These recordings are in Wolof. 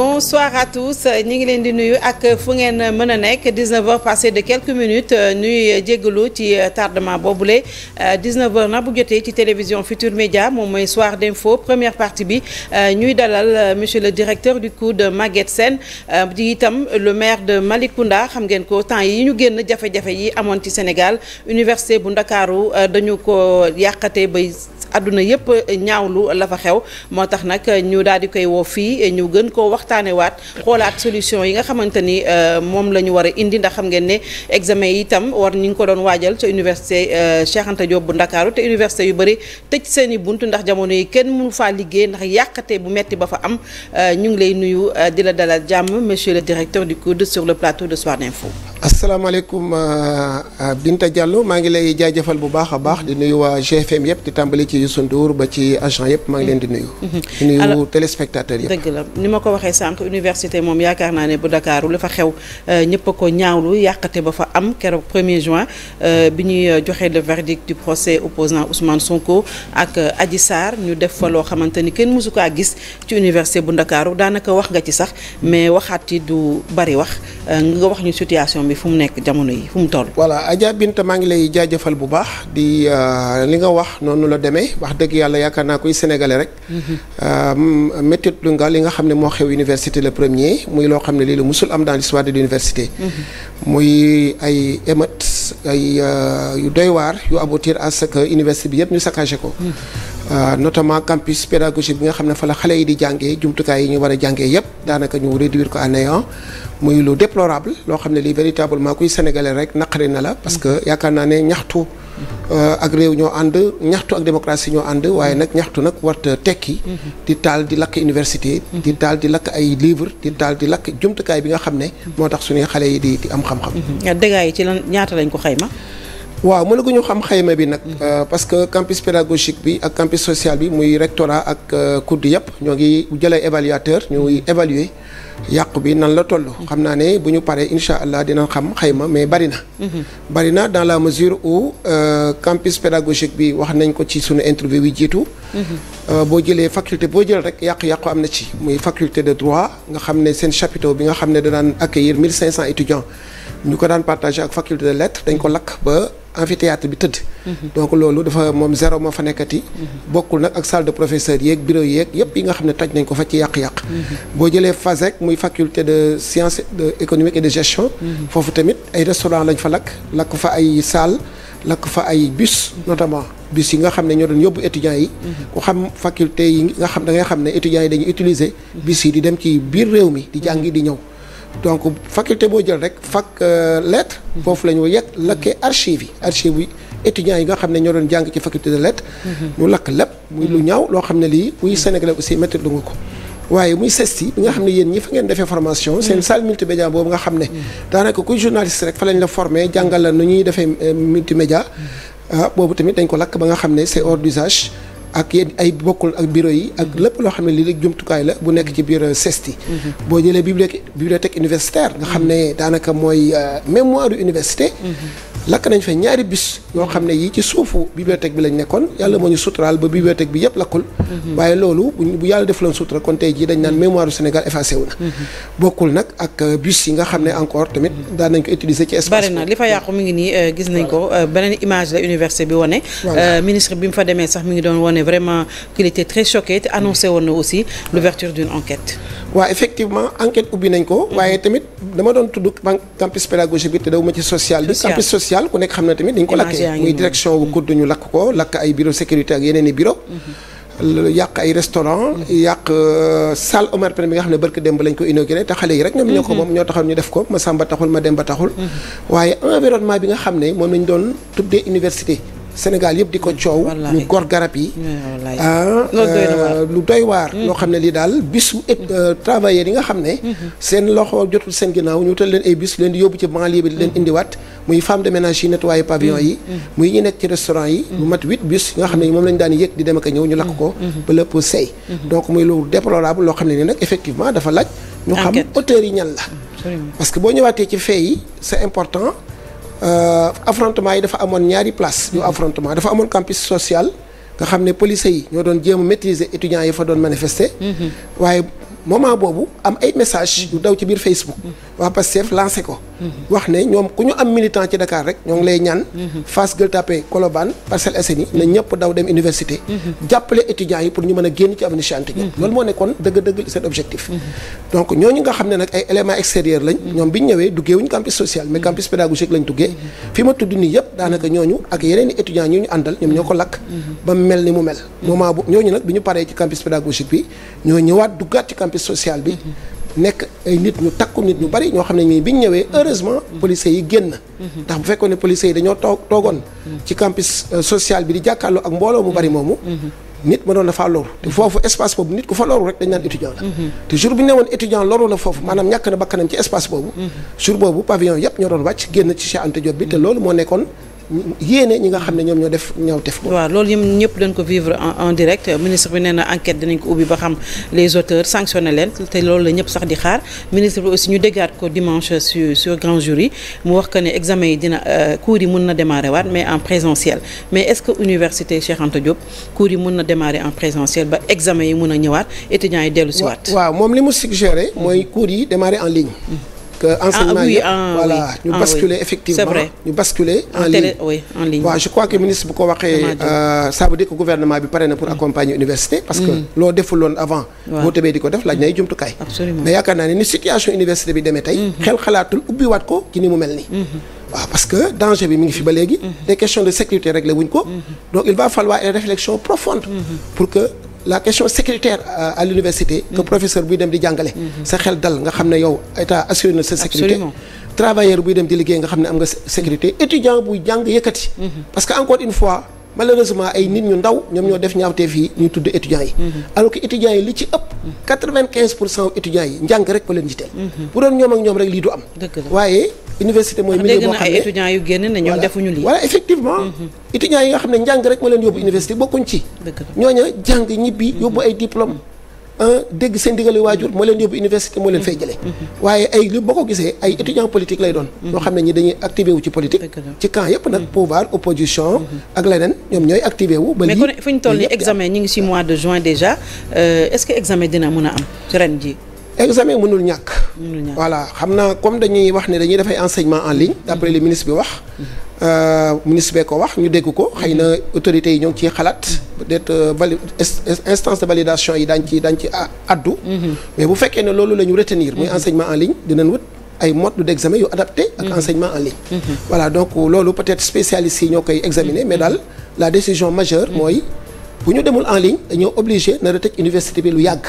bonsoir à tous ñi ngi leen di nuyu ak fu ngeen mën a nekk 19h passé de quelques minutes euh, ñuy jéggalu ci euh, tardement boobule 19h euh, na bu jotee ci télévision Futur Média moom mooy soir d'info première partie bi ñuy dalal monsieur le directeur du COUD Maguette Sène di itam le maire de Malicounda xam ngeen ko temps yi ñu génn jafe-jafe yi amoon ci Sénégal université bu Ndakaaru dañu ko yàqate bay àdduna yëpp eh, ñaawlu la fa xew moo tax nag eh, ñu daal di koy woo fii eh, ñu gën koo waxtaane waat xoolaat solution yi nga xamante ni moom la ñu war a indi ndax xam ngeen ne examen yi itam war ñu ngi ko doon waajal ca université Cheikh Anta bu Ndakaaru te université yu bëri tëj seen i bunt ndax jamono yi kenn mënu faa liggéey ndax yàqate bu metti ba fa am ñu ngi lay nuyu di la dalal jàmm monsieur le directeur du COUD sur le plateau de Soir d'Info. asalaamaaleykum Binta Diallo maa ngi lay jaajëfal bu baax a baax di nuyu waa GFM yëpp di tàmbali ci. Youssou ba ci agent yëpp maa ngi leen di nuyu. Mhm. Mhm. nuyu téléspectateur yëpp. ni ma ko waxee sànq université moom yaakaar naa ne bu Dakaaru la fa xew euh, ñëpp a ko ñaawlu yàqate ba fa am keroog 1 juin euh, bi ñuy joxe le verdict du procès opposant Ousmane Sonko ak euh, Adji Sarr ñu def fa loo xamante kenn mosu kaa gis ci université bu Ndakaaru daanaka wax nga ci sax mais waxaat ci du bari wax nga wax ñu situation bi fu mu nekk jamono yi fu mu toll. voilà Adja ne wax dëgg yàlla yaakaar naa koy sénégalais rek. Euh, métti nga li nga xam ne moo xew université le premier muy loo xam ne lii la musul am dans l'histoire de l'université. muy ay émeutes ay euh, yu doy waar yu aboutir à ce université bi yëpp ñu saccagé ko. Euh, notamment campus pédagogique bi nga xam ne fa la xale yi di jàngee jumtukaay yi ñu war a jàngee yëpp daanaka ñu réduire ko à néant muy lu déplorable loo xam ne lii véritablement kuy sénégalais rek naqari na la parce que Euh, ak réew ñoo ànd ñaxtu ak démocratie ñoo ànd waaye nag ñaxtu nag warta tekki di taal di lakk université di taal di lakk ay livre di taal di lakk jumtukaay bi nga xam ne moo tax suñuy xale yi di am xam-xam dégâts yi ci lan ñaata lañ ko xayma waaw ñu xam xayma bi nag. Mm-hmm. Euh, parce que campus pédagogique bi ak campus social bi muy rectorat ak kudd euh, yëpp ñoo ngi jëlee évaluateur ñu mm-hmm. évaluer yàqu bi nan la toll. Mm-hmm. xam naa ne bu ñu paree incha allah dinañ xam xayma mais bari na. bari na dans la mesure où euh, campus pédagogique bi wax nañ ko ci sunu interview yi jiitu. boo jëlee faculté boo jël rek yàqu-yàqu am na ci muy faculté de droit nga xam ne seen chapiteau bi nga xam ne da daan accueillir 1500 étudiants ñu ko daan partagé ak faculté de dañ ko lakk amphithéâtre bi tëdd mhm. donc loolu dafa moom zéro moo fa nekkati mhm. bokkul nag ak salle de professeur yeeg bureau yeeg yëpp yi nga xam ne taj nañ ko fa ci yàq-yàq mhm. boo jëlee rek muy faculté de sciences économiques et de gestion foofu tamit ay restaurant lañ fa lakk lakk fa ay salle lakk fa ay bus notamment bis yi nga xam ne ñoo doon yóbbu étudiants yi ku xam faculté yi nga xam da ngay xam ne étudiants yi dañuy utiliser bis yi di dem ci biir réew mi di jàngi di ñëw donc faculté boo jël rek fac euh, lettre mhm. foofu la ñu yegg lakkee archive yi archive yi étudiants yi nga xam ne ñoo doon jàng ci faculté de lettre mhm. ñu lakk lépp muy lu mhm. ñaaw loo xam ne lii muy sénégalais aussi métti lu nga ko waaye muy sesti bi nga xam ne yéen ñi fa ngeen defee formation seen salle multimédia boobu nga xam ne daanaka kuy journaliste rek fa lañ la formé jàngal la nu ñuy defee euh, multimédia ah, boobu tamit dañ ko lakk ba nga xam ne c'est hors d'usage ak yenn ay bokkul ak bureau yi ak lépp loo xam ne lii jumtukaay la bu nekk ci bureau euh, CESTI. Mhm. boo jëlee bibliothèque bibliothèque universitaire nga xam ne mhm. daanaka mooy euh, mémoire université. Mhm. lakk nañ fay ñaari bis yoo xam ne yii ci suufu bibliothèque bi lañ nekkoon yàlla moo ñu suturaal ba bibliothèque bi yëpp lakkul. Mhm. waaye loolu bu yàlla def loon sutura kon tey jii dañ naan mémoire Sénégal effacé wu na. Mhm. bokkul nag ak euh, bus yi nga xam ne encore tamit mhm. daan nañ ko utiliser ci espace. bari na li fa yàqu mi ngi nii euh, gis nañ ko euh, beneen image la université bi wane. ministre bi mu fa demee sax mi ngi doon wane vraiment qu'il était très choqué te annoncé woon na aussi l'ouverture d'une enquête. waaw nañ ko. waaye tamit dama doon tudd campus pédagogique bi te daw ma sociale ku nekk xam na tamit dañ ko lakkee muy direction wu kudd ñu lakk ko lakk ay bureau sécurité ak yeneen i bureau mm-hmm. yàq ay restaurant mm-hmm. yàq euh, salle Omar Pène bi nga xam ne barke démb lañ ko inauguré te xale yi rek mm-hmm. ma sàmba taxul taxul waaye environnement bi nga xam ne moom lañ doon tuddee université Sénégal yëpp di ko coow ñu gor garab yi ah, euh, lu doy waar loo xam ne lii daal bisu euh, travailleurs yi nga xam ne seen loxo jotul seen ginnaaw ñu wutal leen ay bis leen di yóbbu ci banlieue bi muy femme de ménage yi nettoyé pavillon yi mm. Mm. muy ñu nekk ci restaurant yi bu mat huit bus yi nga xam ne moom lañu daan yëg di dem ak a ñëw ñu lakk ko mm. ba lépp seey donc muy lu déplorable loo xam ne ni nag effectivement dafa laaj ñu xam auteurs yi ñan la parce boo ñëwaatee ci fee yi c'est important euh, affrontement yi dafa amoon ñaari place yu affrontement dafa amoon campus social nga xam ne police yi ñoo doon jéem a maîtriser étudiants yi fa doon manifester mm-hmm. waaye moment boobu am ay message yu daw ci biir Facebook. waa Pastef lancé ko. wax ne ñoom ku ñu am militant ci Dakar rek ñoo ngi lay ñaan. Fass Gueule Tapée Colobane Parcelles na ñëpp daw dem université. jàppale étudiants yi pour ñu mën a génn ci avenue Cheikh Anta Diop. loolu moo nekkoon dëgg-dëgg seen objectif. donc ñooñu nga xam ne nag ay éléments extérieurs lañ. ñoom bi ñu ñëwee duggee campus social mais campus pédagogique lañ duggee. fi ma tudd nii yëpp daanaka i étudiants ñu ñu àndal ñoom ñoo ko service social bi. nekk ay nit ñu takku nit ñu bari ñoo xam ne ñii bi ñëwee heureusement policiers yi génn. ndax bu fekkoon ne yi dañoo toog toogoon. ci campus euh, social bi di jàkkaarloo ak mbooloo mu bari moomu. nit ma doon na loru te foofu espace boobu nit ku fa loru rek dañ naan étudiant la te jour bu ñu ne woon étudiant loru na foofu maanaam ñàkk na bakkanam ci espace boobu jour boobu pavillon yëpp ñoo doon wàcc génn ci Cheikh Anta bi te loolu moo yéene ñi nga xam ne ñoom ñoo def ñaw def ko. waaw loolu ñoom ñëpp dañ ko vivre en direct ministre bi nee na enquête dinañ ko ubbi ba xam les auteurs sanctionné leen te loolu la ñëpp sax di xaar ministre bi aussi ñu déggaat ko dimanche sur sur grand jury mu wax que ne examen yi dina euh, cours yi mun na démarrer waat mais en présentiel mais est-ce que université Cheikh Anta Diop cours yi mun na démarrer en présentiel ba examen yi mun a ñëwaat étudiants yi dellu si waat. waaw moom li mu mooy cours yi démarrer en que enseignement yëpp ñu basculer effectivement ñu basculer en ligne je crois que ministre bu ko waxee euh, ça veut gouvernement bi pare na pour mm. accompagner université parce que mm. loo deful avant boo tëbee di ko def laaj nay jumtukaay mais yaakaar naa ne ni situation université bi demee tey mm-hmm. xel xalaatul ubbiwaat ko ci ni mu mel nii mm-hmm. waaw parce que danger bi mi ngi fi ba léegi mm-hmm. des questions de sécurité réglé wuñ ko donc il va falloir une réflexion profonde la question sécuritaire euh, à l'université que mm. professeur buy dem di jàngale mm-hmm. sa xel dal nga xam ne yow état assuré na sa sécurité travailleur buy dem di liggéey nga xam ne am nga sécurité mm-hmm. étudiant buy jàng yëkkati mm-hmm. parce que encore une fois malheureusement ay nit ñu ndaw ñoom ñoo def ñaawtee fii ñuy tudd étudiants yi mhm. alors que étudiants yi li ci ëpp quatre-vingt-quinze pour cent étudiants yi njàng rek ko leen jiteel mhm. waaye université mooy milieu boo xam ne ay effectivement mhm. étudiants yi nga xam ne njàng rek ma leen yóbbu université bokkuñ ci ñooña jàng ñibbi yóbbu ay diplôme Ah, dégg seen digali waajur moo leen yóbbu université moo leen fay jëlee mm-hmm. waaye ay li boo ko gisee ay étudiants politique lay doon ñoo mm-hmm. xam ne ñi dañuy activé wu ci politique ci camp yëpp nag mm-hmm. pouvoir opposition ak leneen ñoom ñooy activé wu ba lii mais kon fi ñu toll nii examen ñi ngi si mois de juin déjà euh, est-ce que examen dina mën a am ci ren ji examen mënul ñàkk. voilà xam naa comme dañuy wax ne dañuy dafay enseignement en ligne. d'après le ministre bi wax. Euh, ministre bee ko wax ñu dégg ko xëy na autorité yi ñoo ngi ciy xalaat. peut-être euh, vali instance de validation yi daañ ci daañ addu. Mm-hmm. mais bu fekkee ne loolu la ñu retenir. muy mm-hmm. enseignement en ligne dinañ wut. ay de d'examen yu adapté ak mm-hmm. enseignement en ligne voilà donc loolu peut-être spécialistes yi ñoo koy examiner mais daal la décision majeure mooy bu ñu demul en ligne dañoo obligé na tëj université bi lu yàgg.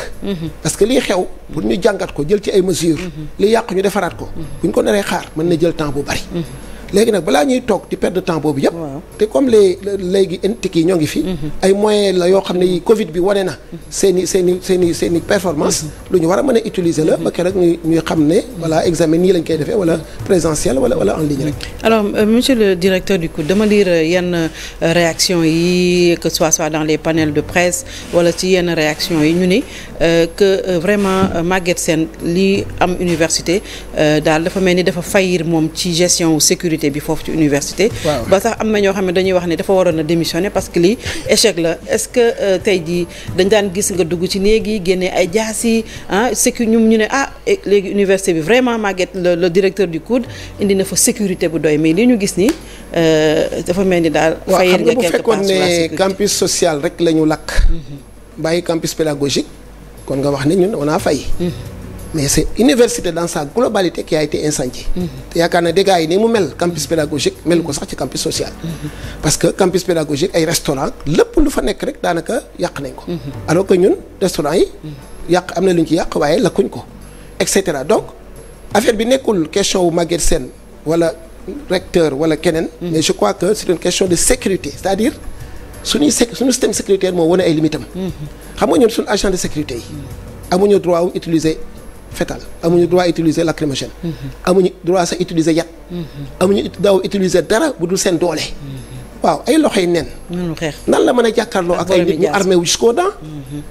parce que lii xew pour ñu jàngat ko jël ci ay mesures. Mhm. li yàq ñu defaraat ko. Mhm. bu ñu ko naree xaar mën na jël temps bu bari. Mhm. léegi nag balaa ñuy toog di de temps boobu yëpp. te comme les léegi intik yi ñoo ngi fi. Mhm. ay moyens la yoo xam ne Covid bi wane na. Mhm. seen i seen i seen i seen i performance mhm. lu ñu war a mën a utiliser la. ma keroog ñuy xam ne voilà examen nii lañ koy defee wala présentiel wala wala en ligne rek. alors euh, monsieur le directeur du coup yenn euh, réaction yi que soit soit dans les panels de presse wala ci yenn réaction yi ñu ni euh, que vraiment màgget seen li am université daal dafa mel ni dafa fayir moom ci gestion sécurité. sécurité bi foofu ci université. ba sax am na ñoo xam ne dañuy wax ne dafa waroon a démissionner parce que lii échec la est-ce que euh, tey jii dañ daan gis nga dugg ci néeg yi génne ay jaas yi ah sécu ñu ne ah léegi université bi vraiment Maguette le directeur du COUD indi fa sécurité bu doy mais li ñu gis nii euh, dafa mel ni daal. fayal nga quelque part sur campus social rek la ñu lakk. Mhm. bàyyi campus pédagogique kon nga wax ne ñun on a fay. mais c'est université dans sa globalité qui a été incendiée te yaakaar na dégâts yi ni mu mel campus pédagogique mel ko sax ci campus social parce que campus pédagogique ay restaurant lépp lu fa nekk rek daanaka yàq nañ ko alors que ñun restaurant yi yàq am na lu ñu ci yàq waaye lakkuñ ko et cetera donc affaire bi nekkul question wu Maguette seen wala recteur wala keneen mais je crois que c'est une question de sécurité c'est-à-dire suñuy sec suñu système moo wane ay limitam xam nga ñun suñu agent de sécurité yi amuñu droit wu utiliser fetal amuñu droit utiliser lacrymogène mhm. amuñu droit sax utiliser yat mhm. amuñu daw utiliser dara bu dul seen doole mhm. waaw ay loxo yi nen nan la mën a jàkkaarloo ak ay nit ñu armé wu jusqu'aux dents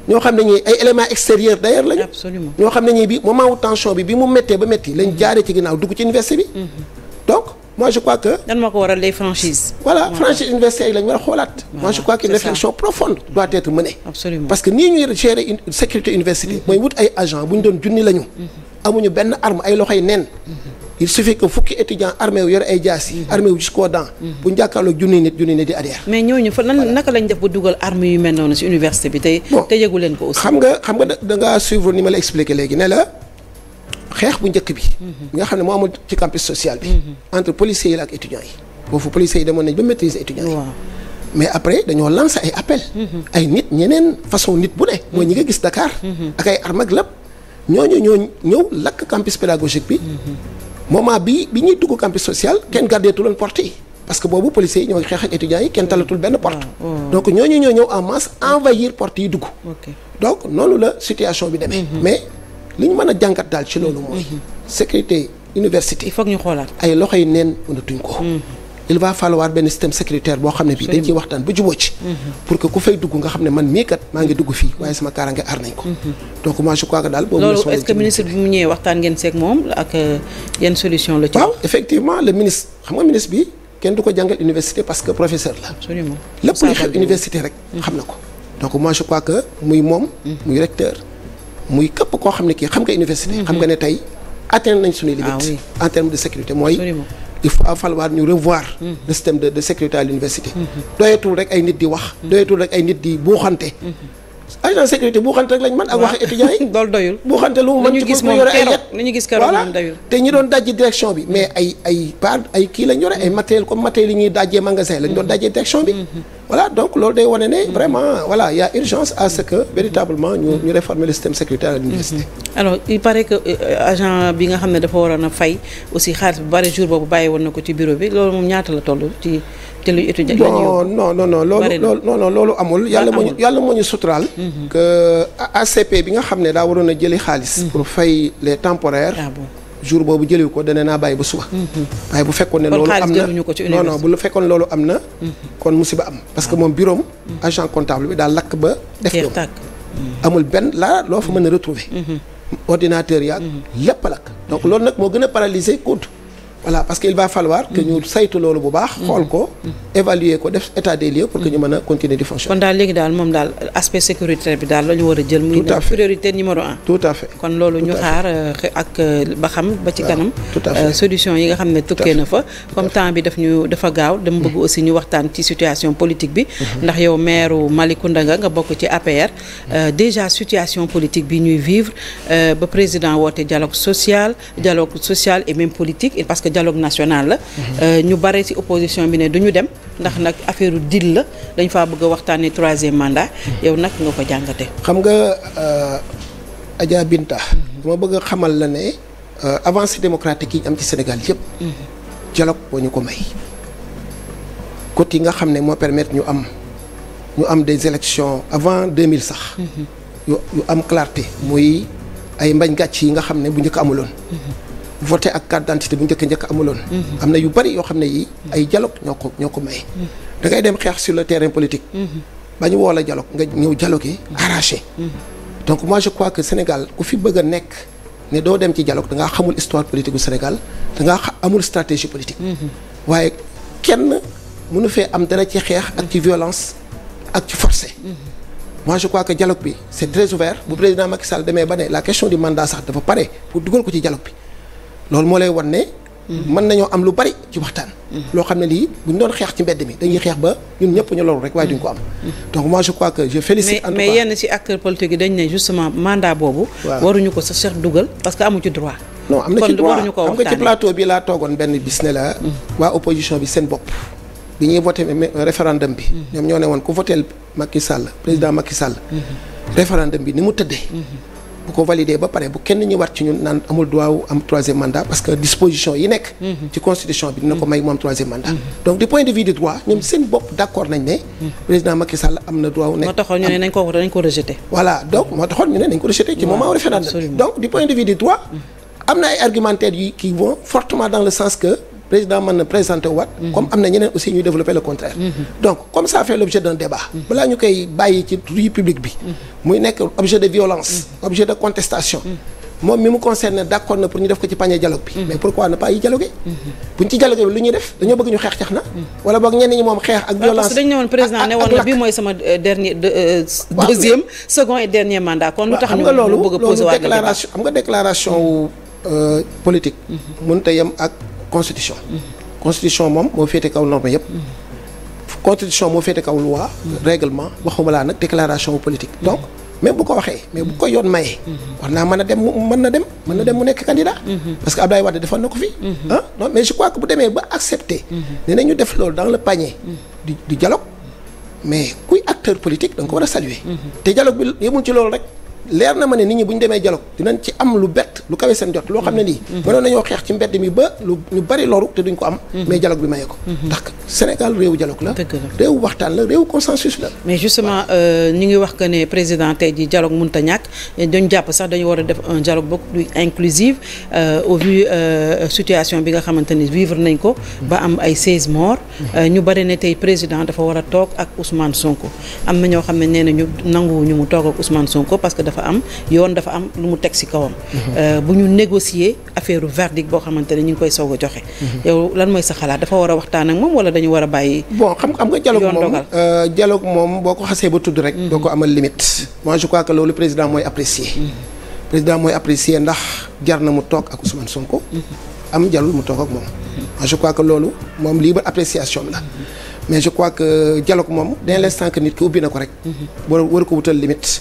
ñoo xam ne ñi ay éléments extérieurs d'ailleurs lañu ñoo xam ne ñi bi moment wu tension bi bi mu méttee ba métti lañ jaaree ci ginnaaw dugg ci université bi moi je crois que. lan moo ko waral les franchises. voilà franchise universitaire yi la ñu war a xoolaat. moi je crois qu'une réflexion profonde doit être menée. absolument parce que nii ñuy gérer une université. mooy wut ay agents bu ñu doon junni lañu. Mm-hmm. amuñu benn arme ay loxo neen. Mm-hmm. il suffit que fukki étudiant armé wu yore ay jaas yi. Mm-hmm. armé wu jusqu'aux dents. bu ñu jàkkaarloo junniy nit junniy nit di adhère. mais ñooñu fa nan naka lañ def ba dugal armée yu mel noonu ci université bi tey. te yëgu leen ko xam nga xam nga da ngaa suivre ni ma la léegi ne la. xeex bu njëkk bi. nga xam ne moo amul ci campus social bi. entre policiers yi la ak étudiants yi. foofu policiers yi demoon nañ ba maîtriser étudiants yi. mais après dañoo lancer ay appel mm-hmm. ay nit ñeneen façon nit bu ne. mooy ñi nga gis Dakar. Mm-hmm. ak ay armes ak lépp ñooñu ñoo ñëw lakk campus pédagogique bi. Mm-hmm. moment bi bi ñuy dugg campus social kenn gardeetuloon porte yi. parce que boobu policiers yi ñoo xeex ak étudiants yi kenn talatul benn porte. donc ñooñu ñoo ñëw en li ñu mën a jàngat daal ci loolu mooy. Mhm. sécurité université. il faut ñu xoolaat ay loxo yi neen mënatuñ ko. Mhm. il va falloir benn système sécuritaire boo xam ne bii dañ ciy waxtaan ba jubóo ci. Mhm. pour que ku fay dugg nga xam ne man mii maa ngi dugg fii waaye sama kaaraange aar nañ ko. donc moi je que daal boobu. loolu est euh, la ci. waaw effectivement le ministre xam nga ministre bi kenn du ko jàngal université parce que professeur la. lépp li xel université muy képp koo xam ne kii xam nga université. Mhm. xam nga ne tey atteindre nañ suñuy limites. Ah en termes de sécurité mooy. il ñu revoir mhm. le système de sécurité à l'université mhm. doyatul rek ay nit di wax doyatul rek ay nit di buuxante agent sécurité bu xante rek lañ mën ak waxi étudiants yi loolu doyul bu xante lu mu mën ci ko yore ay yet nañu gis keroog moom doyul te ñi doon dajji direction bi mais ay ay par ay kii lañu yore ay matériel comme matériel yi ñuy dajjee magasin lañ doon dajjee direction bi mm-hmm. voilà donc loolu day wane ne mm-hmm. vraiment voilà il y a urgence à ce que véritablement ñu mm-hmm. ñu réformer le système sécuritaire à il paraît que euh, euh, agent bi nga xam ne dafa waroon a fay aussi xaalis bu bari jour boobu bàyyi woon na ko ci bureau bi loolu moom ñaata la toll ci te luy étudiant non non non non loolu loolu ah, amul yàlla moo ñu yàlla suturaal mhm. ACP bi nga xam ne daa waroon a jëli xaalis mhm. pour fay les temporaires ah, jour boobu jëliw ko dana naa bàyyi ba suba mhm. waaye bu fekkoon ne loolu am na non non bu fekkoon loolu am na kon musiba am parce que ah. moom bureau agent comptable bi daal lakk ba def yow amul benn laa loo fa mën a retrouver ordinateur yaag lépp lakk donc loolu nag moo gën a paralyser compte voilà parce que il va falloir que ñu saytu loolu bu baax. xool ko évaluer ko def état des lieux pour que ñu mën a continuer di fonctionner. kon daal léegi daal moom daal aspect sécuritaire bi daal la ñu war a jël. muy priorité numéro un. tout à kon loolu ñu xaar euh, ak euh, ba xam ba ci kanam. Euh, solution yi nga xam ne tukkee na fa. comme temps bi daf ñu dafa gaaw dama bëgg aussi ñu waxtaan ci situation politique bi. Mhm. ndax yow maire Malicounda nga nga bokk ci APR. déjà situation politique bi ñuy vivre ba président woote dialogue social dialogue social et dialogue national la. Euh, ñu bare ci opposition bi ne du ñu dem ndax nag affaire deal la dañ faa bëgg a waxtaanee troisième mandat. yow nag nga ko jàngate. xam nga euh, Adja Binta. dama bëgg xamal la ne euh, avancée démocratique yi ñu am ci Sénégal yëpp. dialogue boo ñu ko may. côté yi nga xam ne moo permettre ñu am ñu am des élections avant mille sax. Mhm. yu yu am clarté muy ay mbañ gàcc yi nga xam ne bu njëkk amuloon. Mhm. voté ak carte bu njëkk njëkk amuloon. Mhm. am na yu bari yoo xam ne yii mhm. ay dialogue ñoo ko ñoo ko maye. Mhm. da dem xeex sur le terrain politique. ba ñu woo la dialogue nga ñëw dialogué arraché. donc moi je crois que Sénégal ku fi bëgg a nekk ne doo dem ci dialogue danga ngaa xamul histoire politique bu Sénégal da ngaa amul stratégie politique. waaye kenn mënu fee am dara ci xeex ak ci violence ak ci forcé. moi je crois que dialogue bi c'est très ouvert bu président Macky la question du mandat sax dafa pour dugal ko ci dialogue bi. loolu moo lay wan ne. Mhm. mën nañoo am lu bari ci waxtaan. Mhm. loo xam ne lii bu ñu doon xeex ci mbedd mi dañuy xeex ba ñun ñëpp ñu loru rek waaye duñ ko am. Mhm. donc ma je crois que je félicite. en tout cas mais yenn ci acteurs politiques yi dañ ne justement mandat boobu. waruñu ko sa seex dugal parce que amu ci droit. non am na ci droit xam nga ci plateau bi laa toogoon benn bis ne la. waa opposition bi seen bopp. bi ñuy voté référendum bi. ñoom ñoo ne woon ku voté Macky Sall président Macky Sall. référendum bi ni mu tëddee. bu ko valider ba pare bu kenn ñëwaat ci ñun naan amul droit am troisième mandat parce que disposition yi nekk. Mhm. ci constitution bi dina ko may moom troisième mandat. Mhm. donc du point de vue du ñoom seen bopp d' nañ ne. Mhm. président Macky Sall am na droit nekk. moo taxoon ñu ne nañ ko nañ ko donc moo taxoon ñu ne nañ ko rejeté. ci moment référendum donc du point de vue du am na ay argumentaires yi qui fortement dans le sens que. président mën na présenté waat mhm. comme am na ñeneen aussi ñuy développer le contraire mhm. donc comme ça fait l'objet d'un débat mhm. balaa ñu koy bàyyi ci rue bi muy nekk objet de violence objet de contestation moom mi mu concerné d'accord na pour ñu def ko ci panier dialogue bi mais pourquoi ne pas yi dialoguer buñ ci dialoguer bi lu ñuy def dañoo bëgg ñu xeex cax na wala boog ñenn ñi moom xeex ak violence ah, dañ ne na bi mooy sama euh, dernier euh, deuxième second et a constitution. constitution moom moo féete kaw norme yëpp. constitution moo féete kaw loi. règlement waxuma laa nag déclaration politique. donc même bu ko waxee mais bu ko yoon mayee. war naa mën a dem mu mën na dem mën na dem mu nekk candidat. parce que Abdoulaye Wade defoon na ko fi. ah non mais je bu demee ba accepter. nee ñu def loolu dans le panier. du du dialogue mais kuy acteur politique da ko war a saluer. te dialogue bi yemul ci loolu rek. leer na ma ne nit ñi bu ñu demee dialogue dinañ ci am lu bett lu kawe seen jot loo xam ne nii mm. mm. mënoon nañoo xeex ci mbedd mi ba lu ñu bari loru te duñ ko am mm. mais dialogue bi mayee ko mm-hmm. ndax Sénégal réewu dialogue la réewu waxtaan la réewu consensus la mais justement euh, ñu ngi wax que ne président tey ji dialogue ta ñakk dañ jàpp sax dañu war a def un dialogue beaucoup plus inclusive euh, au vu euh, situation bi nga xamante ni vivre nañ ko ba am ay 16 morts mm-hmm. ñu bari ne tey président dafa war a toog ak Ousmane Sonko am na ñoo xam ne nee na ñu ñu mu toog ak Ousmane Sonko parce que dafa am yoon dafa am lu mu teg ci kawam. Euh, bu ñu négocier affaire verdict boo xamante ne ñu ngi koy soog a joxe. yow lan mooy sa xalaat dafa war a waxtaan ak moom wala dañu war a bàyyi. bon xam xam nga dialogue moom euh, moom boo ko xasee ba tudd rek. Mm-hmm. doo ko amal limite. moi je crois que loolu président mooy apprécier. Mm-hmm. président mooy apprécier ndax jar na mu toog ak Ousmane Sonko. Mm-hmm. am jarul mu toog ak moom. moi je crois que loolu moom libre appréciation la. mais je crois que dialogue moom dès l'instant que nit ki ubbi na ko rek. war war ko wutal limite.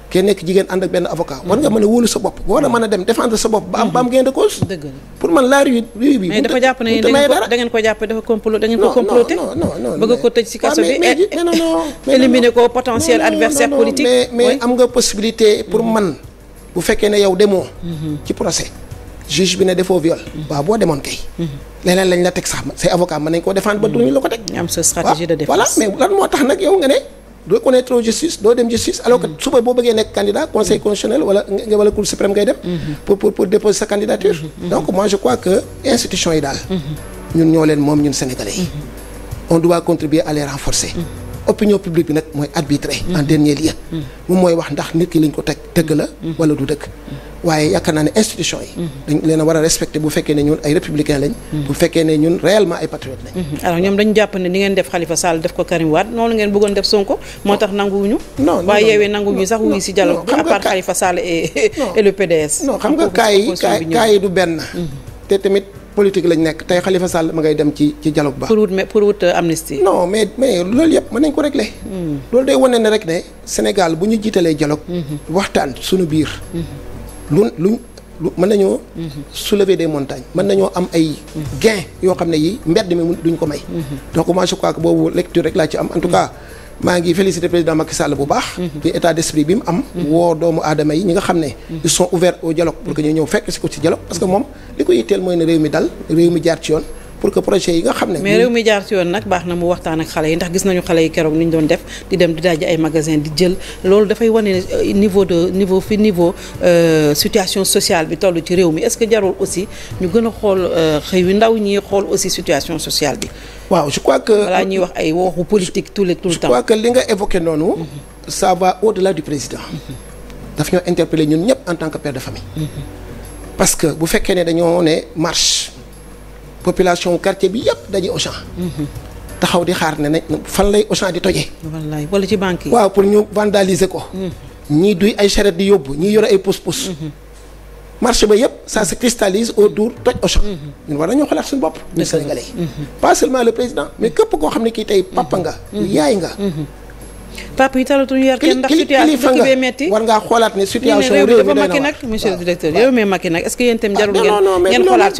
kenn nekk jigéen ànd ak benn avocat war nga mën a wóolu sa bopp war a mën a dem défendre sa bopp ba am ba am gain de cause pour man laa réew réew bi mais dafa jàpp ne da ngeen ko jàpp dafa complot da ngeen ko ci procès juge bi ne mhm. boo demoon kay mhm. leneen lañ la teg sax say avocat mën nañ koo am sa stratégie de défense voilà mais lan moo tax nag yow nga ne reconnaître justice doo dem justice alors que mm. suba boo bëggee nekk candidat conseil mm. constitutionnel wala nga wala cour suprême ngay dem mm-hmm. pour pour déposer sa candidature mm-hmm. Mm-hmm. donc moi je crois que institution yi daal ñun ñoo leen moom ñun sénégalais yi on doit contribuer à les renforcer opinion publique bi nag mooy arbitrer en dernier lieu moom mooy wax ndax nit ki lañ ko teg dëgg la wala du dëgg waaye yaakaar naa ne institution yi. Mhm. dañ leen a war a respecté bu fekkee ne ñun ay républicain lañ. Mhm. bu fekkee ne ñun réellement ay patriotes lañ. Mhm. alors ne ni ngeen def Khalifa Sall def ko Karim Wade noonu ngeen bëggoon def Sonko moo tax nanguwuñu. non non waaye yeewee nanguwuñu sax wuyu si dialogue bi à part Khalifa PDS. xam nga kaa yi kaa yi du benn. te tamit politique lañ nekk tey xalifa Sall ma ngay dem ci ci dialogue ba. pour wut mais pour wut euh, amnistie. mais loolu yëpp mën nañ ko régler. loolu day wane ne rek ne Sénégal bu ñu jiitalee dialogue. waxtaan suñu biir lu luñ lu mën nañoo. soulever des montagnes mën nañoo am ay. gain yoo xam ne yi mbedd mi duñ ko may. donc moi je crois que boobu lecture rek laa ci am en tout cas. maa ngi félicité président Macky Sall bu baax. Mm-hmm. ci état d'esprit bi mu am. Mm-hmm. woo doomu aadama yi ñi nga xam ne. Mm-hmm. ils sont ouverts au dialogue pour que ñu ñëw fekk si ko ci dialogue parce moom li ko yitteel mooy ne réew mi dal réew mi jaar ci yoon. pour que projet yi nga xam ne. mais réew mi jaar ci yoon nag baax na mu waxtaan ak xale yi ndax gis nañu xale yi keroog ni ñu doon def di dem di dajji ay magasin di jël loolu dafay wane euh, niveau de niveau fi niveau euh, situation sociale bi toll ci réew mi est-ce que jarul aussi ñu gën a xool euh, xëy wi ndaw ñi xool aussi situation sociale bi. waaw je crois que balaa ñuy wax ay waxu politique tout le tout les temps. je crois que li nga évoqué noonu. Mm-hmm. ça va au président. Mm-hmm. daf ñoo interpellé ñun ñëpp en tant que père de famille. Mm-hmm. population quartier bi yëpp daje Auchan. Mhm. taxaw di xaar ne nañ fan lay Auchan di tojee. wallaay wala ci banque yi. waaw pour ñu vandaliser ko. Mhm. ñii duy ay charrette di yóbbu ñii yore ay pousse-pousse. Mhm. marché ba yëpp sa se cristallise autour toj Auchan. ñun war nañoo xalaat suñu bopp. ñun sénégalais. pas le président mais képp koo xam ne kii tey papa nga. yaay nga. papa yi talatuñu yar kenn ndax situation dëkk bee metti war ngaa xoolaat ne situation réew mi dafa makki nag monsieur le directeur réew mi makki nag est-ce que yéen itam ah, jarul ngeen ngeen xoolaat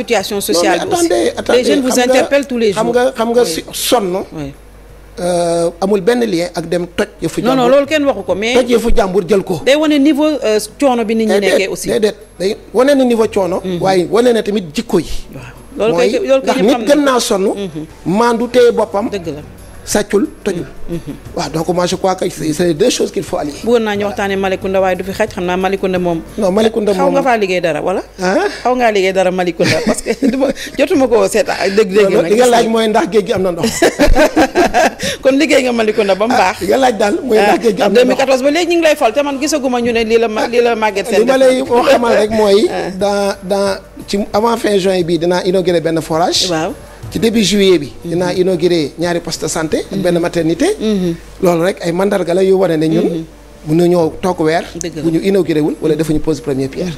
nga xam euh, amul benn lien ak dem toj yëfu jàmbur non loolu kenn waxu ko mais toj jàmbur jël ko day wane niveau euh, coono bi nit ñi nekkee aussi déedéet day wane na niveau coono mhm. waaye wane na tamit jikko yi loolu kay loolu ndax nit gën naa sonn mhm. maandu te boppam dëgg la sàccul tojul. Mm-hmm. Mm-hmm. waaw donc moi je crois que c'est les deux choses qu'il faut allier. bëggoon naa ñu waxtaanee Malicounda waaye du fi xaj xam naa Malicounda moom. moom xaw nga faa liggéey dara wala. xaw ngaa liggéey dara Malicounda parce que duma ah, li nga laaj mooy ndax géej gi am na ndox. kon liggéey nga Malicounda ba mu baax. Ah, li nga laaj daal mooy ndax géej gi am na ah, ndox ba léegi ñu lay fal te man gisaguma ñu ne lii la ma lii la màgget seen. li ma lay xamal rek mooy. dans dans ci avant fin juin bii dinaa inauguré benn forage. waaw ci début juillet bi. dinaa inauguré ñaari poste de santé. benn maternité. loolu rek ay mandarga la yu wane ne ñun. mun na ñoo toog weer. bu ñu inauguré wul wala defuñu pose première pierre.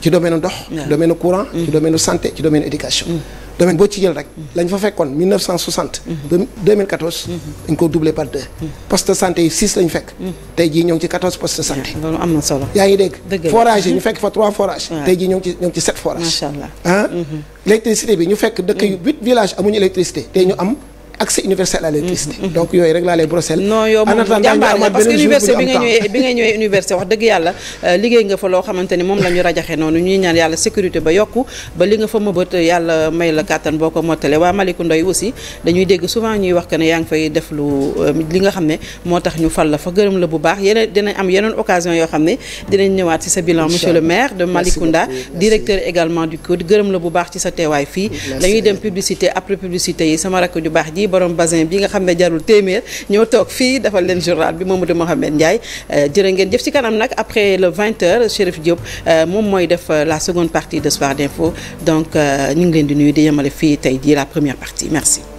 ci domaine ndox. domaine courant. ci mm. domaine santé ci domaine éducation. Mm. domaine boo ci jël rek lañ fa fekkoon 1960. Mhm. ba 2014. Mhm. dañ koo doublé par deux. Mhm. poste de santé yi six lañ fekk. tey jii ñoo ci quatorze poste santé. yaa ngi dégg forage yi ñu fekk fa trois forages. tey jii ñoo ci ñoo ngi ci ah. bi ñu fekk dëkk yu huit villages amuñu électricité tey ñu am. ak universel à l'électricité mhm. donc université bi nga ñëwee bi nga ñëwee université wax dëgg yàlla euh, liggéey nga fa loo xamante ni moom la ñu rajaxe noonu ñuy ñaan yàlla sécurité ba yokku ba li nga fa mëbët yàlla may la kàttan boo ko mottale waa Malick Ndoye aussi dañuy dégg souvent ñuy wax que ne yaa ngi fay def lu euh, li nga xam ne moo tax ñu fal la fa gërëm la bu baax yeneen dinañ am yeneen occasion yoo xam ne dinañ ñëwaat ci sa bilan monsieur le maire de Malicounda directeur également du COUD gërëm la bu baax ci sa teewaay fii dañuy dem publicité après publicité yi sama rakk ju baax ji borom basin bi nga xam ne jarul téeméer ñoo toog fii defal leen journal bi moom Mamadou Mohamed Ndiaye euh, jërë ngeen jëf ci kanam nag après le 20h Chérif Diop euh, moom mooy def euh, la seconde partie de Soir d'Info donc ñu ngi leen di nuyu di yemale fii tey jii la première partie merci.